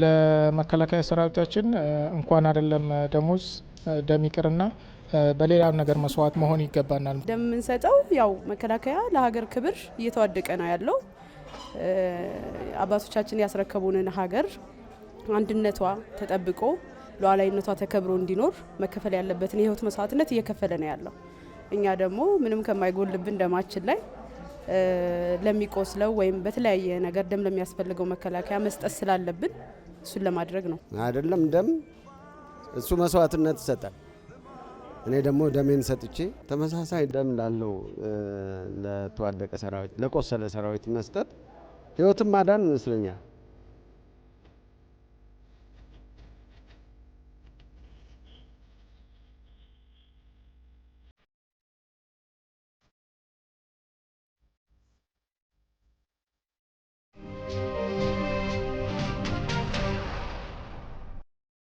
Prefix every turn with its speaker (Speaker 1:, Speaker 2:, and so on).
Speaker 1: ለመከላከያ ሰራዊታችን እንኳን አይደለም ደሞዝ ደም ይቅርና በሌላም ነገር መስዋዕት መሆን ይገባናል።
Speaker 2: እንደምንሰጠው ያው መከላከያ ለሀገር ክብር እየተዋደቀ ነው ያለው። አባቶቻችን ያስረከቡንን ሀገር አንድነቷ ተጠብቆ ሉዓላዊነቷ ተከብሮ እንዲኖር መከፈል ያለበትን የህይወት መስዋዕትነት እየከፈለ ነው ያለው። እኛ ደግሞ ምንም ከማይጎልብን ደማችን ላይ ለሚቆስለው ወይም በተለያየ ነገር ደም ለሚያስፈልገው መከላከያ መስጠት ስላለብን እሱን ለማድረግ ነው
Speaker 3: አይደለም። ደም እሱ መስዋዕትነት ይሰጣል። እኔ ደግሞ ደሜን ሰጥቼ ተመሳሳይ ደም ላለው ለተዋደቀ ሰራዊት፣ ለቆሰለ ሰራዊት መስጠት ህይወትም ማዳን ይመስለኛል።